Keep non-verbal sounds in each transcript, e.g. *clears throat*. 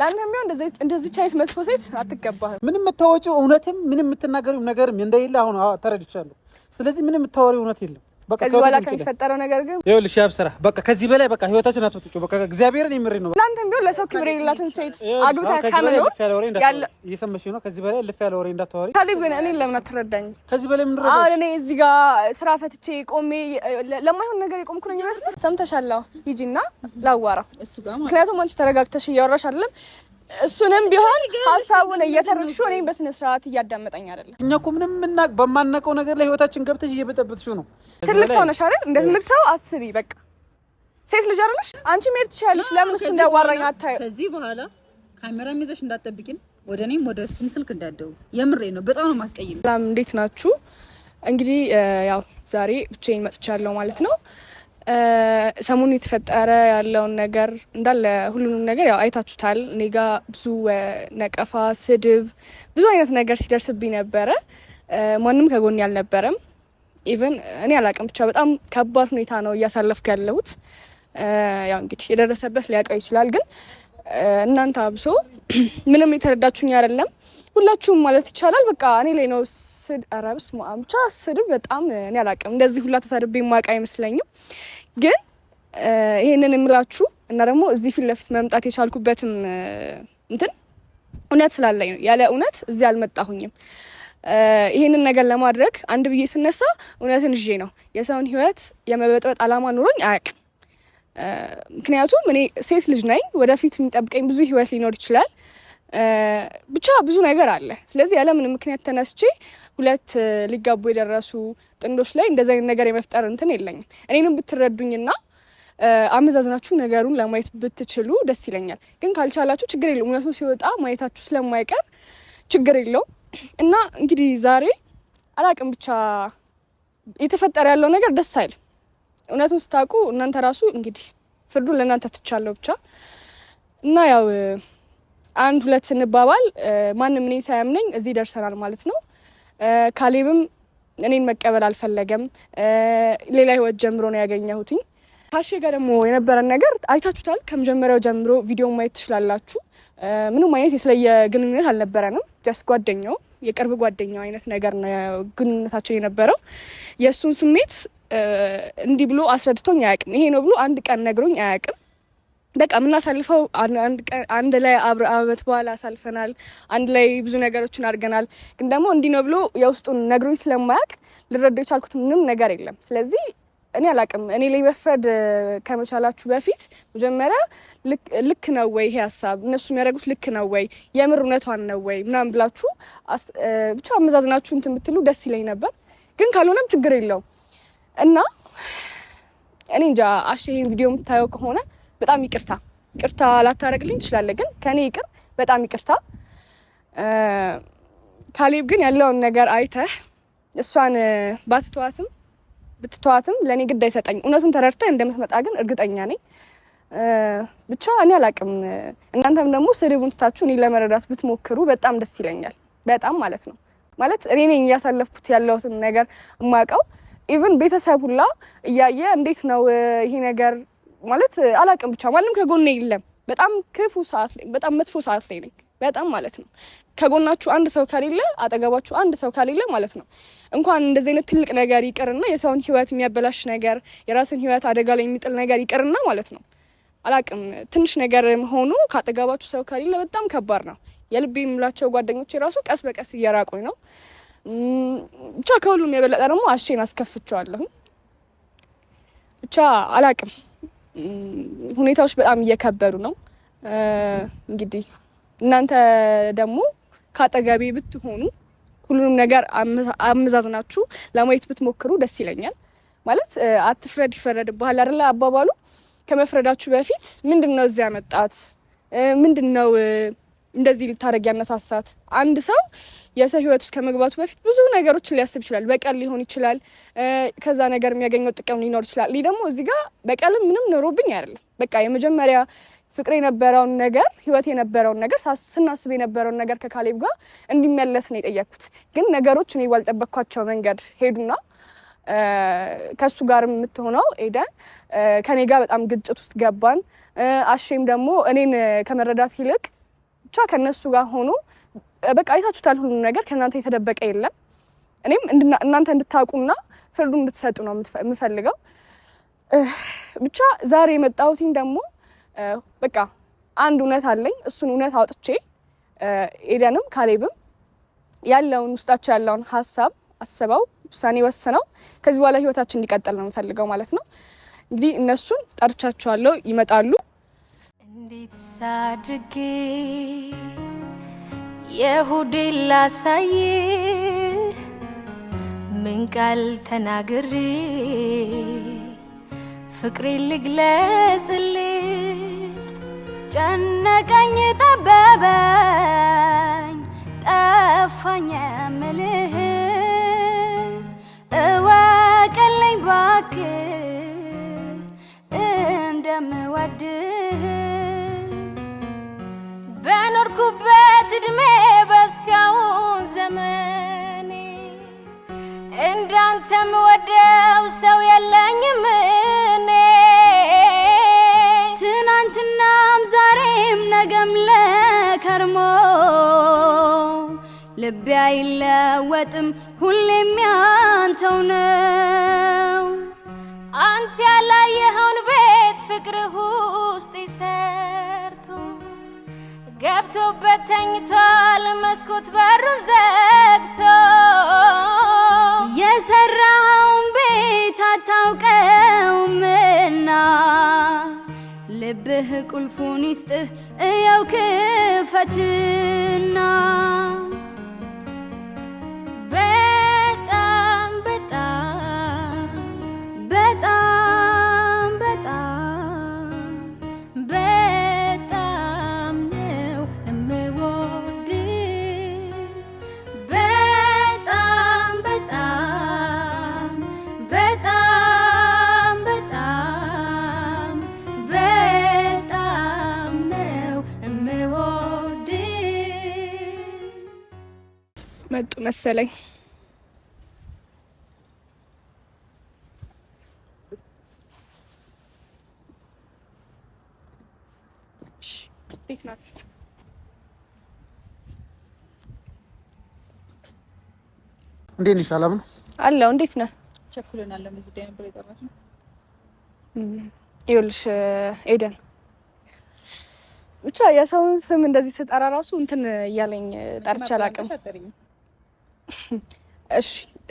ለአንተ የሚሆን እንደዚች አይነት መጥፎ ሴት አትገባህም። ምንም የምታወጪው እውነትም ምንም የምትናገሪው ነገርም እንደሌለ አሁን ተረድቻለሁ። ስለዚህ ምንም የምታወሪ እውነት የለም። ከዚህ በኋላ ከሚፈጠረው ነገር ግን ይኸውልሽ፣ ያብ ስራ በቃ ከዚህ በላይ በቃ ህይወታችን አትወጥጩ። በቃ እግዚአብሔርን የምሬ ነው። ለአንተም ቢሆን ለሰው ክብር የሌላትን ሴት አግብታ ከመኖር እየሰማሽ ነው። ከዚህ በላይ ልፍ ያለ ወሬ እንዳታወሪ። ካሌብ ግን እኔ ለምን አትረዳኝ? ከዚህ በላይ ምን ረዳሽ? እኔ እዚህ ጋር ስራ ፈትቼ ቆሜ ለማይሆን ነገር የቆምኩ ነኝ ይመስል ሰምተሻለሁ። ሂጂና ላዋራ፣ ምክንያቱም አንቺ ተረጋግተሽ እያወራሽ አይደለም እሱንም ቢሆን ሀሳቡን እየሰረቅሽው እኔም በስነ ስርዓት እያዳመጠኝ አይደለም። እኛ እኮ ምንም በማናውቀው ነገር ላይ ህይወታችን ገብተሽ እየበጠበጥሽው ነው። ትልቅ ሰው ነሽ አይደል? እንደ ትልቅ ሰው አስቢ። በቃ ሴት ልጅ አይደለሽ አንቺ መሄድ ትችያለሽ። ለምን እሱ እንዳዋራኝ አታዩ? ከዚህ በኋላ ካሜራ ይዘሽ እንዳትጠብቂን፣ ወደ እኔም ወደ እሱም ስልክ እንዳደው። የምሬ ነው። በጣም ነው ማስቀይም። ሰላም፣ እንዴት ናችሁ? እንግዲህ ያው ዛሬ ብቻዬን መጥቻለሁ ማለት ነው። ሰሞኑ የተፈጠረ ያለውን ነገር እንዳለ ሁሉንም ነገር ያው አይታችሁታል። እኔ ጋ ብዙ ነቀፋ፣ ስድብ፣ ብዙ አይነት ነገር ሲደርስብኝ ነበረ። ማንም ከጎን አልነበረም። ኢቨን እኔ አላቅም፣ ብቻ በጣም ከባድ ሁኔታ ነው እያሳለፍኩ ያለሁት። ያው እንግዲህ የደረሰበት ሊያውቀው ይችላል ግን እናንተ አብሶ *clears throat* ምንም የተረዳችሁኝ አይደለም፣ ሁላችሁም ማለት ይቻላል። በቃ እኔ ላይ ነው ስድ ማ ብቻ ስድብ በጣም እኔ አላቅም። እንደዚህ ሁላ ተሳድቤ የማውቅ አይመስለኝም። ግን ይህንን የምላችሁ እና ደግሞ እዚህ ፊት ለፊት መምጣት የቻልኩበትም እንትን እውነት ስላለኝ ነው። ያለ እውነት እዚህ አልመጣሁኝም። ይህንን ነገር ለማድረግ አንድ ብዬ ስነሳ እውነትን ይዤ ነው። የሰውን ህይወት የመበጥበጥ አላማ ኑሮኝ አያውቅም። ምክንያቱም እኔ ሴት ልጅ ነኝ። ወደፊት የሚጠብቀኝ ብዙ ህይወት ሊኖር ይችላል። ብቻ ብዙ ነገር አለ። ስለዚህ ያለምንም ምክንያት ተነስቼ ሁለት ሊጋቡ የደረሱ ጥንዶች ላይ እንደዚህ አይነት ነገር የመፍጠር እንትን የለኝም። እኔንም ብትረዱኝና አመዛዝናችሁ ነገሩን ለማየት ብትችሉ ደስ ይለኛል። ግን ካልቻላችሁ ችግር የለውም። እውነቱ ሲወጣ ማየታችሁ ስለማይቀር ችግር የለውም እና እንግዲህ ዛሬ አላቅም ብቻ የተፈጠረ ያለው ነገር ደስ አይልም። እውነቱን ስታውቁ እናንተ ራሱ እንግዲህ ፍርዱን ለእናንተ ትቻለሁ ብቻ እና ያው አንድ ሁለት ስንባባል ማንም እኔ ሳያምነኝ እዚህ ደርሰናል ማለት ነው። ካሌብም እኔን መቀበል አልፈለገም። ሌላ ህይወት ጀምሮ ነው ያገኘሁትኝ። ካሼ ጋር ደግሞ የነበረን ነገር አይታችሁታል። ከመጀመሪያው ጀምሮ ቪዲዮ ማየት ትችላላችሁ። ምንም አይነት የተለየ ግንኙነት አልነበረንም። ጃስ ጓደኛው የቅርብ ጓደኛው አይነት ነገር ነው ግንኙነታቸው የነበረው የእሱን ስሜት እንዲህ ብሎ አስረድቶኝ አያውቅም። ይሄ ነው ብሎ አንድ ቀን ነግሮኝ አያውቅም። በቃ የምናሳልፈው አንድ ላይ አብረ አመት በኋላ አሳልፈናል። አንድ ላይ ብዙ ነገሮችን አድርገናል። ግን ደግሞ እንዲህ ነው ብሎ የውስጡን ነግሮኝ ስለማያውቅ ልረዳው የቻልኩት ምንም ነገር የለም። ስለዚህ እኔ አላቅም። እኔ ላይ መፍረድ ከመቻላችሁ በፊት መጀመሪያ ልክ ነው ወይ ይሄ ሀሳብ እነሱ የሚያደርጉት ልክ ነው ወይ የምር እውነቷን ነው ወይ ምናምን ብላችሁ ብቻ አመዛዝናችሁ እንትን ብትሉ ደስ ይለኝ ነበር። ግን ካልሆነም ችግር የለውም። እና እኔ እንጃ አሽ ይሄን ቪዲዮ የምታየው ከሆነ በጣም ይቅርታ ይቅርታ ላታረግልኝ ትችላለህ፣ ግን ከኔ ይቅር በጣም ይቅርታ። ካሌብ ግን ያለውን ነገር አይተህ እሷን ባትተዋትም ብትተዋትም ለእኔ ግድ አይሰጠኝ። እውነቱን ተረድተህ እንደምትመጣ ግን እርግጠኛ ነኝ። ብቻ እኔ አላቅም። እናንተም ደግሞ ስድቡን ትታችሁ እኔ ለመረዳት ብትሞክሩ በጣም ደስ ይለኛል። በጣም ማለት ነው ማለት እኔ ነኝ እያሳለፍኩት ያለሁትን ነገር እማውቀው ኢቭን ቤተሰብ ሁላ እያየ እንዴት ነው ይሄ ነገር ማለት አላቅም። ብቻ ማንም ከጎኔ የለም። በጣም ክፉ ሰዓት ላይ በጣም መጥፎ ሰዓት ላይ ነኝ። በጣም ማለት ነው። ከጎናችሁ አንድ ሰው ከሌለ አጠገባችሁ አንድ ሰው ከሌለ ማለት ነው እንኳን እንደዚህ አይነት ትልቅ ነገር ይቅርና የሰውን ህይወት የሚያበላሽ ነገር የራስን ህይወት አደጋ ላይ የሚጥል ነገር ይቅርና ማለት ነው አላቅም ትንሽ ነገር መሆኑ ከአጠገባችሁ ሰው ከሌለ በጣም ከባድ ነው። የልብ የምላቸው ጓደኞች የራሱ ቀስ በቀስ እየራቁኝ ነው። ብቻ ከሁሉም የበለጠ ደግሞ አሼን አስከፍቼዋለሁ። ብቻ አላቅም፣ ሁኔታዎች በጣም እየከበዱ ነው። እንግዲህ እናንተ ደግሞ ከአጠገቤ ብትሆኑ ሁሉንም ነገር አመዛዝናችሁ ለማየት ብትሞክሩ ደስ ይለኛል። ማለት አትፍረድ ይፈረድብሃል አይደለ አባባሉ። ከመፍረዳችሁ በፊት ምንድን ነው እዚያ መጣት ምንድን ነው እንደዚህ ልታደረግ ያነሳሳት? አንድ ሰው የሰው ህይወት ውስጥ ከመግባቱ በፊት ብዙ ነገሮችን ሊያስብ ይችላል። በቀል ሊሆን ይችላል፣ ከዛ ነገር የሚያገኘው ጥቅም ሊኖር ይችላል። እኔ ደግሞ እዚህ ጋር በቀልም ምንም ኖሮብኝ አይደለም። በቃ የመጀመሪያ ፍቅር የነበረውን ነገር ህይወት የነበረውን ነገር ስናስብ የነበረውን ነገር ከካሌብ ጋር እንዲመለስ ነው የጠየኩት። ግን ነገሮች እኔ ባልጠበቅኳቸው መንገድ ሄዱና ከእሱ ጋር የምትሆነው ኤደን ከኔ ጋር በጣም ግጭት ውስጥ ገባን። አሼም ደግሞ እኔን ከመረዳት ይልቅ ብቻ ከእነሱ ጋር ሆኖ በቃ አይታችሁታል። ሁሉም ነገር ከእናንተ የተደበቀ የለም። እኔም እናንተ እንድታውቁና ፍርዱ እንድትሰጡ ነው የምፈልገው። ብቻ ዛሬ የመጣሁትኝ ደግሞ በቃ አንድ እውነት አለኝ። እሱን እውነት አውጥቼ ኤደንም ካሌብም ያለውን ውስጣቸው ያለውን ሀሳብ አስበው ውሳኔ ወስነው ከዚህ በኋላ ህይወታችን እንዲቀጥል ነው የምፈልገው ማለት ነው። እንግዲህ እነሱን ጠርቻቸዋለሁ፣ ይመጣሉ። እንዴት ሳድጌ የሁዴ ላሳይ ምን ቃል ተናግሬ ፍቅሬ ልግለጽል ጨነቀኝ ጠበበኝ ጠፋኝ የምልህ እወቅልኝ ባክ እንደምወድ በኖርኩበት እድሜ በእስካሁን ዘመኔ እንዳንተ ወደው ሰው የለኝም እኔ ትናንትናም ዛሬም ነገም ለከርሞ ልቤ አይለወጥም ሁሌም ያንተው ነው። ገብቶበት ተኝቷል መስኮት በሩን ዘግቶ የሰራውን ቤት አታውቀውምና ልብህ ቁልፉን ይስጥህ እየው ክፈትና መሰለኝ። እንዴት ናችሁ? እንዴት ነሽ? ሰላም ነው አለው። እንዴት ነህ? ቸኩለናል። ለምን ጉዳይ ነበር የጠራሽኝ? ይኸውልሽ ኤደን ብቻ የሰውን ስም እንደዚህ ስጠራ ራሱ እንትን እያለኝ ጠርቼ አላውቅም። እሺ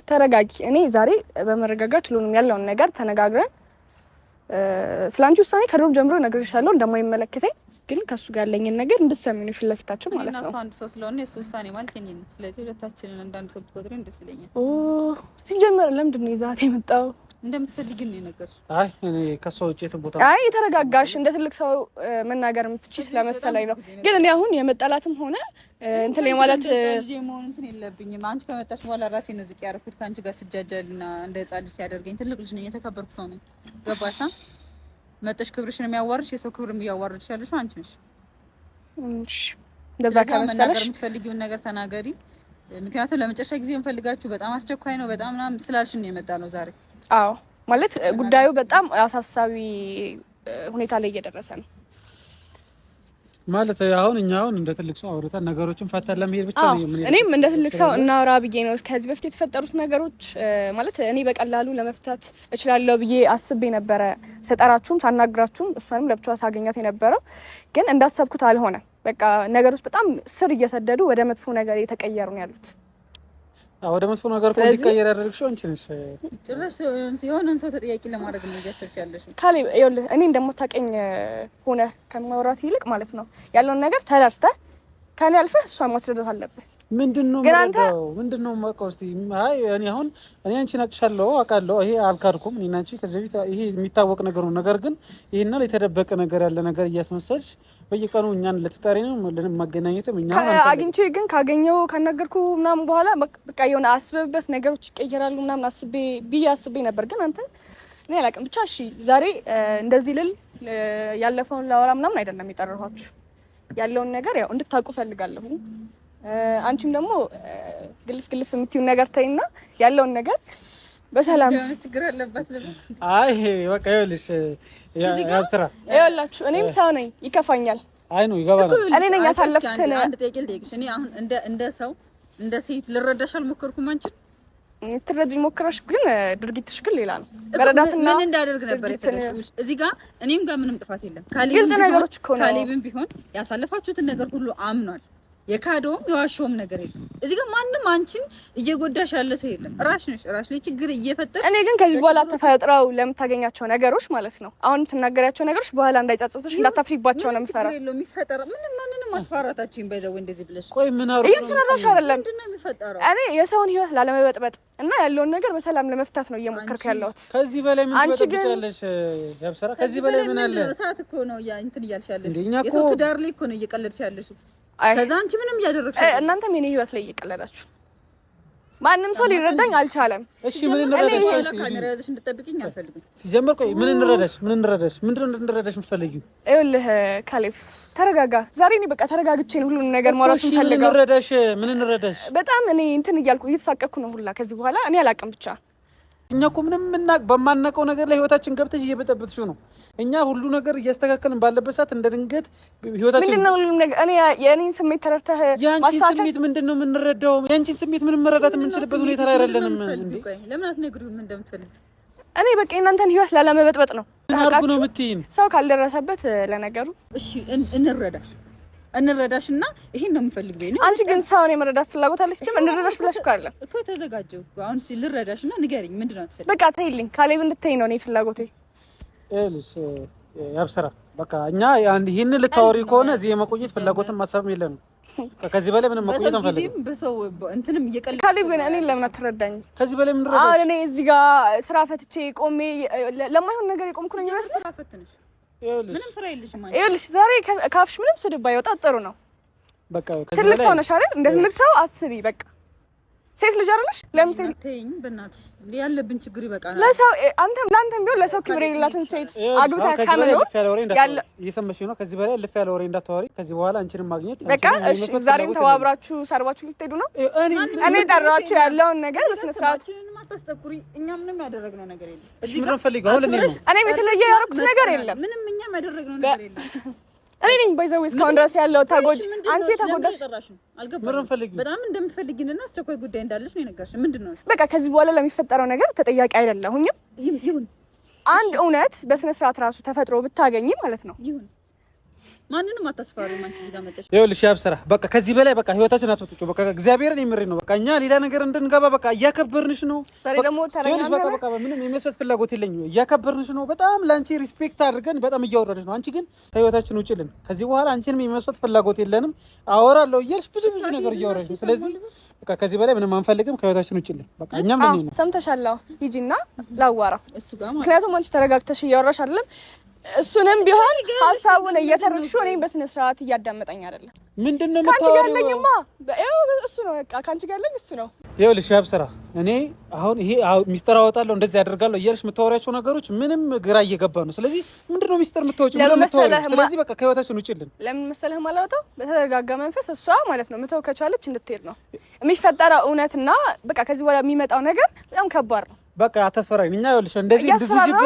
ተረጋጊ። እኔ ዛሬ በመረጋጋት ሁሉንም ያለውን ነገር ተነጋግረን ስለ አንቺ ውሳኔ ከድሮም ጀምሮ እነግርሻለሁ እንደማይመለከተኝ ግን ከእሱ ጋር ያለኝን ነገር እንድትሰሚ ነው ፊት ለፊታችን ማለት ነው። አንድ ሰው ስለሆነ የእሱ ውሳኔ ማለት የእኔ ነው። ስለዚህ ሁለታችንን እንዳንድ ሰው ብትቆጥሪ ደስ ይለኛል። ሲጀመር ለምንድን ነው የመጣው? እንደምትፈልጊ ነው የነገርሽ። አይ እኔ ከሷ ቦታ አይ የተረጋጋሽ እንደ ትልቅ ሰው መናገር የምትችይ ስለመሰለኝ ነው። ግን እኔ አሁን የመጠላትም ሆነ እንትን የማለት እንትን የለብኝም። አንቺ ከመጣሽ በኋላ ራሴ ነው ዝቅ ያደረኩት ከአንቺ ጋር ስጃጃልና እንደ ልጅ ሲያደርገኝ ትልቅ ልጅ ነኝ፣ የተከበርኩ ሰው ነኝ። መጠሽ ክብርሽን የሚያዋርድሽ የሰው ክብር እያዋርድሽ ያለሽው አንቺ ነሽ። እንደዛ ከመሰለሽ የምትፈልጊውን ነገር ተናገሪ። ምክንያቱም ለመጨረሻ ጊዜ የምፈልጋችሁ በጣም አስቸኳይ ነው፣ በጣም ምናምን ስላልሽን የመጣ ነው ዛሬ አዎ ማለት ጉዳዩ በጣም አሳሳቢ ሁኔታ ላይ እየደረሰ ነው። ማለት አሁን እኛ አሁን እንደ ትልቅ ሰው አውርተን ነገሮችን ፈተን ለመሄድ ብቻ ነው። እኔም እንደ ትልቅ ሰው እናውራ ብዬ ነው። ከዚህ በፊት የተፈጠሩት ነገሮች ማለት እኔ በቀላሉ ለመፍታት እችላለሁ ብዬ አስቤ ነበረ። ስጠራችሁም ሳናግራችሁም እሷንም ለብቻዋ ሳገኛት የነበረው ግን እንዳሰብኩት አልሆነ። በቃ ነገሮች በጣም ስር እየሰደዱ ወደ መጥፎ ነገር እየተቀየሩ ነው ያሉት። ወደ መጥፎ ነገር እኮ እንዲቀየር ያደረግሽው አንቺ ነሽ። ጭራሽ የሆነን ሰው ተጠያቂ ለማድረግ ነው እያሰብሽ ያለሽው። ካሌብ ይኸውልህ፣ እኔ እንደማታውቀኝ ሆነ ከማውራት ይልቅ ማለት ነው ያለውን ነገር ተረድተህ ከኔ አልፈህ እሷን ማስረዳት አለብህ። ምንድን ነው ግን አንተ ምንድን ነው የማውቀው? እስኪ አይ እኔ አሁን እኔ አንቺ ነቅሻለሁ፣ አውቃለሁ። ይሄ አልካድኩም። እኔ እና አንቺ ከዚህ በፊት ይሄ የሚታወቅ ነገር ነው። ነገር ግን ይሄና የተደበቀ ነገር ያለ ነገር እያስመሰልሽ በየቀኑ እኛን ልትጠሪ ነው መገናኘትም እኛ አግኝቼ ግን ካገኘው ካናገርኩ ምናምን በኋላ በቃ የሆነ አስበብበት ነገሮች ይቀየራሉ ምናምን አስቤ ብዬ አስቤ ነበር። ግን አንተ እኔ አላውቅም ብቻ እሺ፣ ዛሬ እንደዚህ ልል ያለፈውን ላወራ ምናምን አይደለም የጠራኋችሁ ያለውን ነገር ያው እንድታውቁ ፈልጋለሁ። አንቺም ደግሞ ግልፍ ግልፍ የምትዩን ነገር ተይና ያለውን ነገር በሰላም ችግር አይ በቃ ይኸውልሽ፣ ያብ ስራ ይኸውላችሁ፣ እኔም ሰው ነኝ፣ ይከፋኛል። አይ ነው ይገባል። እኔ ነኝ ያሳለፍኩትን። አንድ ጥያቄ ልጠይቅሽ። እኔ አሁን እንደ እንደ ሰው እንደ ሴት ልረዳሽ አልሞከርኩም። አንቺን ትረጅኝ ሞክረሽ፣ ግን ድርጊትሽ ግን ሌላ ነው። መረዳትና ምን እንዳደርግ ነበር የተደረግሽ? እዚህ ጋር እኔም ጋር ምንም ጥፋት የለም። ግልጽ ነገሮች እኮ ነው። ካሌብም ቢሆን ያሳለፋችሁትን ነገር ሁሉ አምኗል። የካደውም የዋሸውም ነገር የለም። እዚህ ጋር ማንም አንቺን እየጎዳሽ ያለ ሰው የለም። ራሽ ነሽ ራሽ ላይ ችግር እየፈጠር እኔ ግን ከዚህ በኋላ ተፈጥረው ለምታገኛቸው ነገሮች ማለት ነው አሁን የምትናገሪያቸው ነገሮች በኋላ እንዳይጸጽቶች እንዳታፍሪባቸው ነው የምፈራ። የሚፈጠረ ምንም ማንንም ማስፈራታችን በዛው እንደዚህ ብለሽ ቆይ ምን አሩ እየሰራሽ አይደለም። እኔ የሰውን ህይወት ላለመበጥበጥ እና ያለውን ነገር በሰላም ለመፍታት ነው እየሞከርኩ ያለሁት። ከዚህ በላይ ምን ያለሽ ያብሰራ ከዚህ በላይ ምን አለ? ሰዓት እኮ ነው ያ እንትን እያልሽ ያለሽ። የሰው ትዳር ላይ እኮ ነው እየቀለድሽ ያለሽ ከዛ አንቺ ምንም እያደረግሽ እናንተም የኔ ህይወት ላይ እየቀለዳችሁ ማንም ሰው ሊረዳኝ አልቻለም። እሺ ምን እንረዳሽ? እንድጠብቅኝ አልፈልግም። ሲጀመር ቆይ ምን እንረዳሽ? ምን እንረዳሽ? ምንድን እንረዳሽ እንድንረዳሽ የምትፈልጊው? ይኸውልህ ካሌብ ተረጋጋ። ዛሬ እኔ በቃ ተረጋግቼ ነው ሁሉን ነገር ማውራት የምፈልገው። ምን እንረዳሽ? ምን እንረዳሽ? በጣም እኔ እንትን እያልኩ እየተሳቀቅኩ ነው ሁላ ከዚህ በኋላ እኔ አላቅም ብቻ እኛ እኮ ምንም በማናውቀው ነገር ላይ ህይወታችን ገብተሽ እየበጠበጥሽው ነው። እኛ ሁሉ ነገር እያስተካከልን ባለበት ሰዓት እንደ ድንገት ህይወታችን የእኔን ስሜት ተረድተህ የአንቺን ስሜት ምንድን ነው የምንረዳው? የአንቺን ስሜት ምንም መረዳት የምንችልበት ሁኔታ ላይ አይደለንም። እኔ በቃ እናንተን ህይወት ላለመበጥበጥ ነው ነው የምትይኝ ሰው ካልደረሰበት ለነገሩ እሺ እንረዳሽ እንረዳሽ እና ይሄን ነው የምፈልግ ቤት አንቺ ግን ሰውን የመረዳት ፍላጎት አለሽ እንጂ እንረዳሽ ብለሽ ካለ እኮ ተዘጋጀው አሁን ሲል ልረዳሽ እና ንገሪኝ፣ ምንድን ነው የምትፈልጊው? በቃ ተይልኝ፣ ካሌብ እንድትይ ነው እኔ ፍላጎቴ። ይኸውልሽ ያብሰራ በቃ እኛ ይህን ልታወሪ ከሆነ እዚህ የመቆየት ፍላጎትን ማሰብም የለንም። ከዚህ በላይ ምንም መቆየት አንፈልግም። በሰው እንትንም እየቀለደ ካሌብ ግን እኔ ለምን አትረዳኝ? ከዚህ በላይ ምን ረዳሽ? እኔ እዚህ ጋር ስራ ፈትቼ ቆሜ ለማይሆን ነገር የቆምኩ ነኝ። ስራ ፈትነሽ ይኸውልሽ ዛሬ ካፍሽ ምንም ስድብ ባይወጣ ጥሩ ነው። በቃ ትልቅ ሰው ነሽ አይደል? እንደ ትልቅ ሰው አስቢ። በቃ ሴት ልጅ አይደለሽ? ለምሳሌ በእናትሽ ያለብን ችግር ይበቃናል። ለሰው አንተም ለአንተም ቢሆን ለሰው ክብር የሌላትን ሴት አግብታ ከምኖር እየሰመሽ ነው። ከዚህ በላይ ልፍ ያለ ወሬ እንዳታወሪ። ከዚህ በኋላ አንቺንም ማግኘት በቃ እሺ። ዛሬም ተባብራችሁ ሰርባችሁ ልትሄዱ ነው። እኔ ጠራችሁ ያለውን ነገር በስነ ስርዓት አታስጠቁሪ። እኛ ምንም ያደረግነው ነገር የለም። እሺ ምንም ፈልገው አሁን ለኔ ነው። እኔ የተለየ ያደረኩት ነገር የለም። ምንም እኛም ያደረግነው ነገር የለም። እኔ ነኝ ባይዘው እስካሁን ድረስ ያለው ተጎጂ አንቺ የተጎዳሽ አልገባም። በጣም እንደምትፈልጊንና አስቸኳይ ጉዳይ እንዳለሽ ነው የነገርሽኝ። ምንድን ነው በቃ ከዚህ በኋላ ለሚፈጠረው ነገር ተጠያቂ አይደለሁኝም። ይሁን አንድ እውነት በስነ ስርዓት ራሱ ተፈጥሮ ብታገኝ ማለት ነው ይሁን ማንንም አታስፈሪ። ማንቺ እዚህ ጋር መጣሽ። ይኸውልሽ ያብ ስራ በቃ ከዚህ በላይ በቃ ህይወታችን አትወጥጩ። በቃ እግዚአብሔርን የምሬን ነው። በቃ እኛ ሌላ ነገር እንድንገባ በቃ እያከበርንሽ ነው። ዛሬ ደግሞ ተረኛ በቃ በቃ ምንም የሚያስፈት ፍላጎት የለኝም። እያከበርንሽ ነው። በጣም ለአንቺ ሪስፔክት አድርገን በጣም እያወረድሽ ነው። አንቺ ግን ከህይወታችን ውጪልን። ከዚህ በኋላ አንቺንም የሚያስፈት ፍላጎት የለንም። አወራለሁ እያልሽ ብዙ ብዙ ነገር እያወራሽ ነው። ስለዚህ በቃ ከዚህ በላይ ምንም አንፈልግም። ከህይወታችን ውጪልን። በቃ እኛም ለኔ ነው። ሰምተሻለሁ። ሂጂና ላዋራ እሱ ጋር ማለት ምክንያቱም አንቺ ተረጋግተሽ እያወራሽ አይደለም እሱንም ቢሆን ሀሳቡን እየተረክሹ እኔም በስነ ስርዓት እያዳመጠኝ አይደለም። ምንድን ነው ከአንቺ ጋር ያለኝማ እሱ ነው። በቃ ከአንቺ ጋር ያለኝ እሱ ነው። ይኸውልሽ ያብ ስራ እኔ አሁን ይሄ ሚስጥር አወጣለሁ እንደዚህ ያደርጋለሁ እያልሽ የምታወሪያቸው ነገሮች ምንም ግራ እየገባ ነው። ስለዚህ ምንድን ነው ሚስጥር የምታወጪው? ስለዚህ በቃ ከህይወታችን ውጭልን። ለምን መሰለህ ማላወጣው በተረጋጋ መንፈስ እሷ ማለት ነው ምተው ከቻለች እንድትሄድ ነው የሚፈጠረው እውነትና በቃ ከዚህ በኋላ የሚመጣው ነገር በጣም ከባድ ነው። በቃ አታስፈራሪኝ። እኛ ይኸውልሽ እንደዚህ እንድትዝጅብንም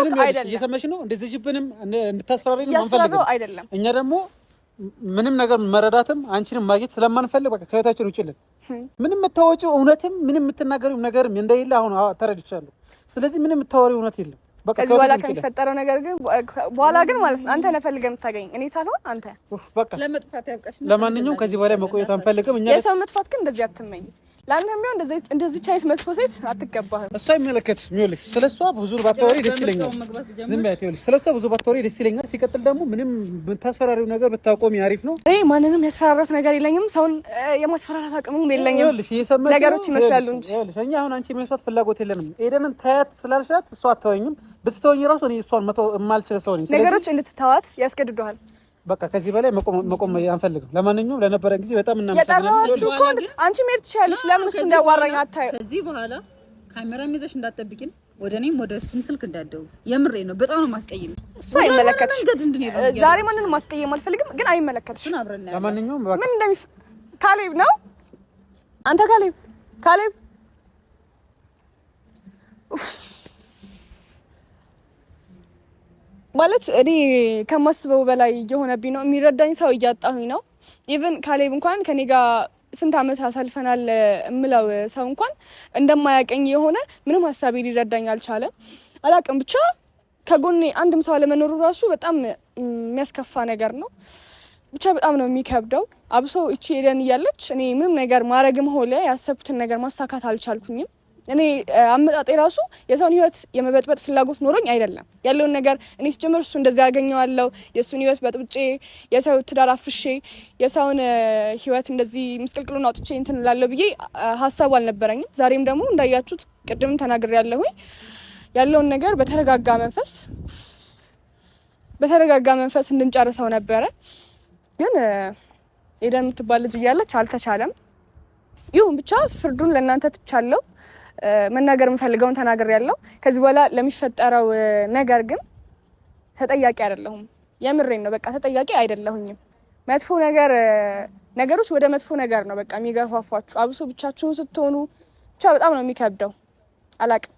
እየሰማሽ ነው። እንድትዝጅብንም እንድታስፈራሪ እንድታስፈራሪኝ አንፈልግም። አይደለም እኛ ደግሞ ምንም ነገር መረዳትም አንቺንም ማግኘት ስለማንፈልግ በቃ ከህይወታችን ውጭልን። ምንም የምታወጪው እውነትም ምንም የምትናገሪው ነገርም እንደሌለ አሁን ተረድቻለሁ። ስለዚህ ምንም የምታወሪው እውነት የለም። ከዚህ በኋላ ከሚፈጠረው ነገር ግን በኋላ ግን ማለት ነው አንተ ለፈልገህ የምታገኝ እኔ ሳልሆን አንተ በቃ ለመጥፋት ያብቃሽ። ለማንኛውም ከዚህ በኋላ መቆየት አንፈልግም እኛ። የሰው መጥፋት ግን እንደዚህ አትመኝ። ለአንተም ቢሆን እንደዚህ አይነት መጥፎ ሴት አትገባህም። እሷ የሚመለከትሽ ይኸውልሽ፣ ስለ እሷ ብዙ ባታወሪ ደስ ይለኛል። ዝም በያት። ይኸውልሽ፣ ስለ እሷ ብዙ ባታወሪ ደስ ይለኛል። ሲቀጥል ደግሞ ምንም የምታስፈራሪው ነገር ብታቆሚ አሪፍ ነው። እኔ ማንንም ያስፈራራት ነገር የለኝም። ሰውን የማስፈራራት አቅምም የለኝም። ነገሮች ይመስላሉ እንጂ እኛ አሁን አንቺ የሚመስላት ፍላጎት የለንም። ኤደንን ታያት ስላልሻት እሷ አታወኝም ብትተወኝ ራሱ እኔ እሷን መተው የማልችል ሰው ነኝ። ነገሮች እንድትተዋት ያስገድደዋል። በቃ ከዚህ በላይ መቆም አንፈልግም። ለማንኛውም ለነበረን ጊዜ በጣም እናመሰግናለን። አንቺ መሄድ ትችያለሽ። ለምን እሱ እንዳዋራኝ አታዩ። ከዚህ በኋላ ካሜራ ይዘሽ እንዳትጠብቂን ወደ እኔም ወደ እሱም ስልክ እንዳትደውል። የምሬ ነው። በጣም ነው ማስቀየም። እሱ አይመለከትሽ። ዛሬ ማንንም ማስቀየም አልፈልግም፣ ግን አይመለከትሽ። ለማንኛውም ምን እንደሚፈ ካሌብ ነው አንተ ካሌብ ካሌብ ማለት እኔ ከማስበው በላይ እየሆነብኝ ነው። የሚረዳኝ ሰው እያጣሁኝ ነው። ኢቨን ካሌብ እንኳን ከኔ ጋር ስንት አመት አሳልፈናል የምለው ሰው እንኳን እንደማያቀኝ የሆነ ምንም ሀሳቤ ሊረዳኝ አልቻለም። አላቅም ብቻ ከጎኔ አንድም ሰው አለመኖሩ ራሱ በጣም የሚያስከፋ ነገር ነው። ብቻ በጣም ነው የሚከብደው። አብሶ እቺ ኤደን እያለች እኔ ምንም ነገር ማድረግም ሆለ ያሰብኩትን ነገር ማሳካት አልቻልኩኝም። እኔ አመጣጤ ራሱ የሰውን ህይወት የመበጥበጥ ፍላጎት ኖሮኝ አይደለም። ያለውን ነገር እኔ ስጀምር እሱ እንደዚ ያገኘዋለው የእሱን ህይወት በጥብጬ የሰው ትዳር አፍሼ የሰውን ህይወት እንደዚህ ምስቅልቅሉን አውጥቼ እንትን ላለው ብዬ ሀሳቡ አልነበረኝም። ዛሬም ደግሞ እንዳያችሁት ቅድም ተናግሬ ያለሁኝ ያለውን ነገር በተረጋጋ መንፈስ በተረጋጋ መንፈስ እንድንጨርሰው ነበረ። ግን ኤደን የምትባል ልጅ እያለች አልተቻለም። ይሁን ብቻ ፍርዱን ለእናንተ ትቻለው። መናገር የምፈልገውን ተናገር ያለው ከዚህ በኋላ ለሚፈጠረው ነገር ግን ተጠያቂ አይደለሁም። የምሬን ነው። በቃ ተጠያቂ አይደለሁኝም። መጥፎ ነገር ነገሮች ወደ መጥፎ ነገር ነው በቃ የሚገፋፏችሁ። አብሶ ብቻችሁን ስትሆኑ ብቻ በጣም ነው የሚከብደው። አላቅም